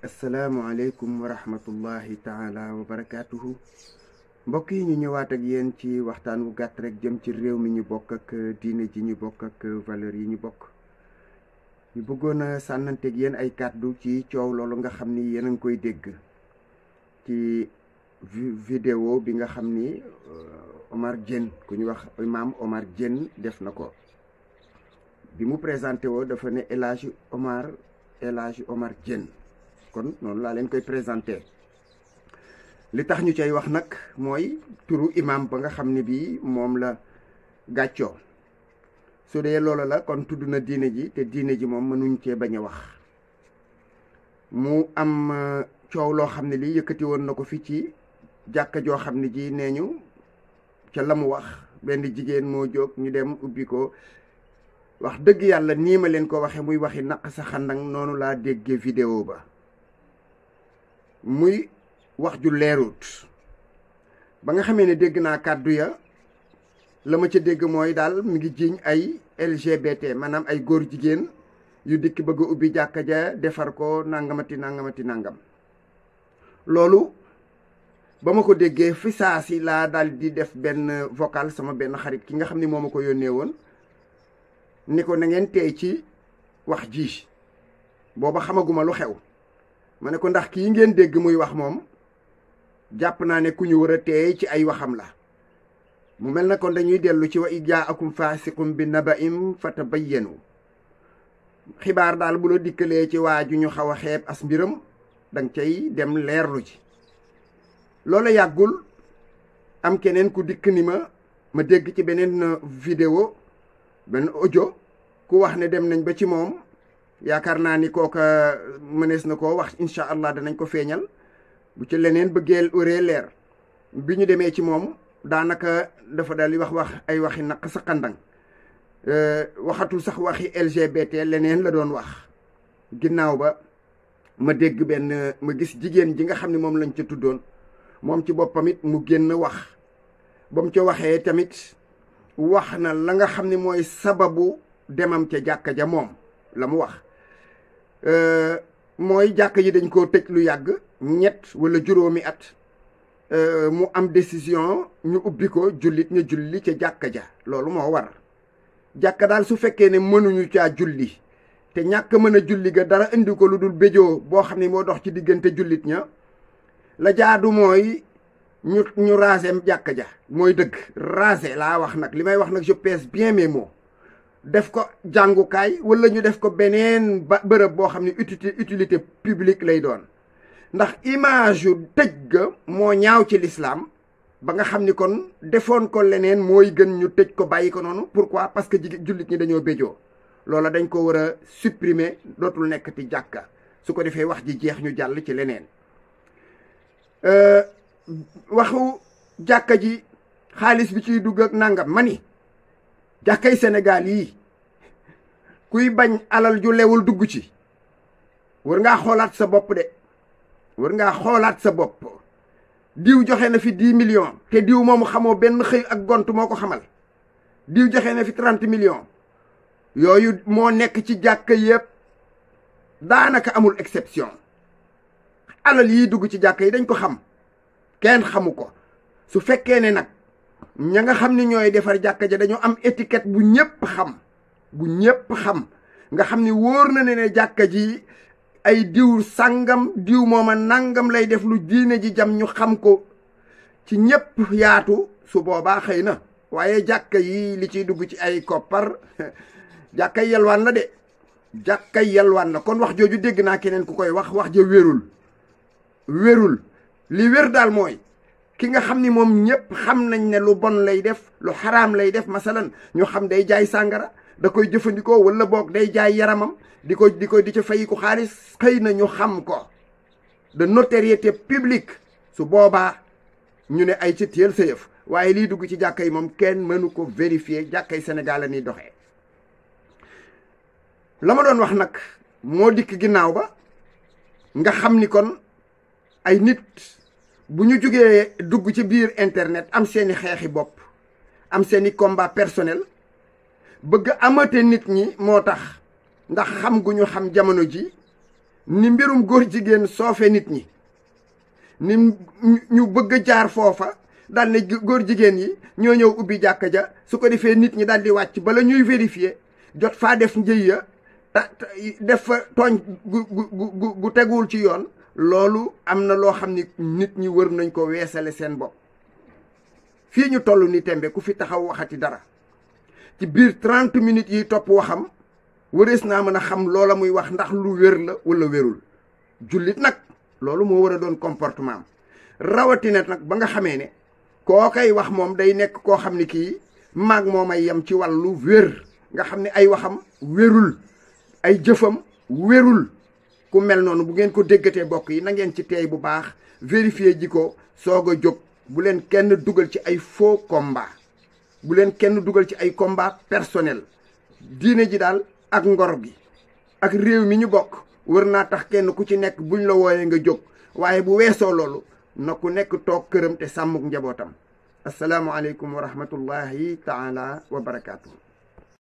Assalamualaikum warahmatullahi taala wabarakatuh. barakaatuhu mbokk yi ñu ñëwaat ak yeen ci waxtaan wu gatt rek jëm ci réew mi ñu bokk ak diiné ji ñu bokk ak valeur yi ñu bokk ñu bëggona a ak yeen ay kàddu ci ciow loolu nga xamni yeen nga koy dégg ci vidéo bi nga xamni euh, Omar Jen, ku ñu wax imam Omar Jen def nako bi mu présenté wo dafa né Elage Omar elaju Omar Jen. kon noonu laa leen koy présenté li tax ñu cay wax nag mooy turu imam ba nga xam ne bii moom la gàccoo su dee loola la kon tudd na diine ji te diine ji moom mënuñ cee bañ a wax mu am euh, coow loo xam ne lii yëkkati woon na ko fi ci jàkka joo xam ne ji nee ñu ca la mu wax benn jigéen moo jóg ñu dem ubbi ko wax dëgg yàlla nii ma leen ko waxee muy waxi naq sa xandang noonu laa déggee vidéo ba muy wax ju leerut ba nga xamee ne dégg naa kàddu ya la ma ca dégg mooy daal mi ngi jiiñ ay LGBT maanaam ay góor jigéen yu dikk bëgg ubbi jàkka ja defar ko nangamati nangamati nangam loolu ba ma ko déggee fi laa di def benn vocal sama benn xarit ki nga xam ne moo ma ko yónnee woon ni ko na ngeen tey ci wax ji booba xamaguma lu xew ma ne ko ndax kii ngeen dégg muy wax moom jàpp naa ne ku ñu war a teey ci ay waxam la mu mel na ko dañuy dellu ci wa i jaakum faasiqum bi naba'in fatabayyanu xibaar daal bu la dikkalee ci waa ju ñu xaw a xeeb as mbiram danga cay dem leerlu ci loola yàggul am keneen ku dikk ni ma ma dégg ci beneen uh, vidéo benn audio ku wax ne dem nañ ba ci moom ya karna ni kooka mënees na koo wax insha allah danañ ko feeñal bu ci leneen bëggee urée leer bi ñu demee ci moom daanaka dafa dal wax wax ay waxi naq sa xandang euh, waxatu sax waxi LGBT leneen la doon wax ginnaaw ba ma dégg benn ma gis jigéen ji nga xam ne moom lañ ca tuddoon moom ci boppam it mu génn wax ba mu ca tamit wax la nga xam ne sababu demam ca jàkka ja moom la wax Euh, mooy jàkk yi dañ ko tëj lu yàgg ñett wala juróomi at euh, mu am décision ñu ubbi ko jullit ñu julli ca jàkk ja loolu moo war jàkk daal su fekkee ne mënuñu caa julli te ñàkk mën a julli ga dara indi ko lu dul béjoo boo xam ni moo dox ci diggante jullit ña la jaadu mooy ñu ñu raase jàkka ja mooy dëgg raase laa wax nag li may wax nag je bien mes mots def ko jàngukaay wala ñu def ko beneen ba bërëb boo xam ne utilité utilité publique lay doon ndax image yu tëj ga moo ñaaw ci lislaam ba nga xam ni kon defoon ko leneen mooy gën ñu tëj ko bàyyi ko noonu pourquoi parce que jigéen jullit ñi dañoo béjoo loola dañ ko war a supprimer dootul nekk ti jàkka su ko defee wax ji jeex ñu jàll ci leneen euh, waxu jàkka ji xaalis bi ciy dugg ak ma ni jàkkay senegal yi kuy bañ alal ju lewul dugg ci war nga xoolaat sa bop de war nga xoolaat sa bop diw joxe na fi 10 millions te diw momu xamoo ben xey ak gontu moko ko xamal diw joxe na fi 30 millions yoyu mo nek ci jakk yeb danaka amul exception alal yi dugg ci jakk yi dañ ko xam kenn xamuko ko su fekkee ne ña nga xam ne ñooy defar jàkka ja dañoo am étiquette bu ñëpp xam bu ñëpp xam nga xam ni wóor na ne ne jàkka ji ay diw sàngam diw mooma nangam lay def lu jiine ji jam ñu xam ko ci ñëpp yaatu su boobaa xëy na waaye jàkka yi li ciy dugg ci ay koppar jàkka yelwaan la de jàkka yelwaan la kon wax jooju dégg naa keneen ku koy wax wax ja wérul wérul li wér daal mooy ki nga xam ni moom ñëpp xam nañ ne lu bon lay def lu xaraam lay def masalan ñu xam day jaay sàngara da koy jëfandikoo wala boog day jaay yaramam di ko di ko di ca fayiku xaalis xëy na ñu xam ko de notoriété publique su boobaa ñu ne ay ci téel sa yëf waaye lii dugg ci jàkka yi moom kenn mënu ko vérifier jàkka yi Sénégal la ñuy doxee doon wax nag moo dikk ginnaaw ba nga xam ni kon ay nit bu ñu jógee dugg ci biir internet am seeni xeexi bopp am seeni combat personnel bëgg amate nit ñi moo tax ndax xam gu ñu xam jamono ji ni mbirum góor jigéen soofe nit ñi ni ñu bëgg jaar foofa daal góor jigéen yi ñoo ñëw ubbi jàkka ja su ko defee nit ñi daal di wàcc bala ñuy vérifier jot faa def njëy ya def fa tooñ gu gu gu teguwul ci yoon loolu am na loo xam ni nit ñi wër nañ ko weesale seen bopp fii ñu toll ni tembe ku fi taxaw waxati dara ci biir trente minutes yi topp waxam wërees naa mën a xam loola muy wax ndax lu wér la wala wérul jullit nag loolu moo war a doon comportement am nag ba nga xamee ne koo koy wax moom day nekk koo xam ni kii maag moom ay yem ci wàllu wér nga xam ni ay waxam wérul ay jëfam wérul ku mel noonu bu ngeen ko déggatee bokk yi na ngeen ci teey bu baax vérifier ji ko soog a jóg bu leen kenn dugal ci ay foo komba bu leen kenn dugal ci ay combat personnel diine ji daal ak ngor gi ak réew mi ñu bokk wër naa tax kenn ku ci nekk buñ la wooyee nga jóg waaye bu weesoo loolu na ku nekk toog këram te sàmmuk njabootam asalaamualeykum wa rahmatullahi taala wa barakaatu.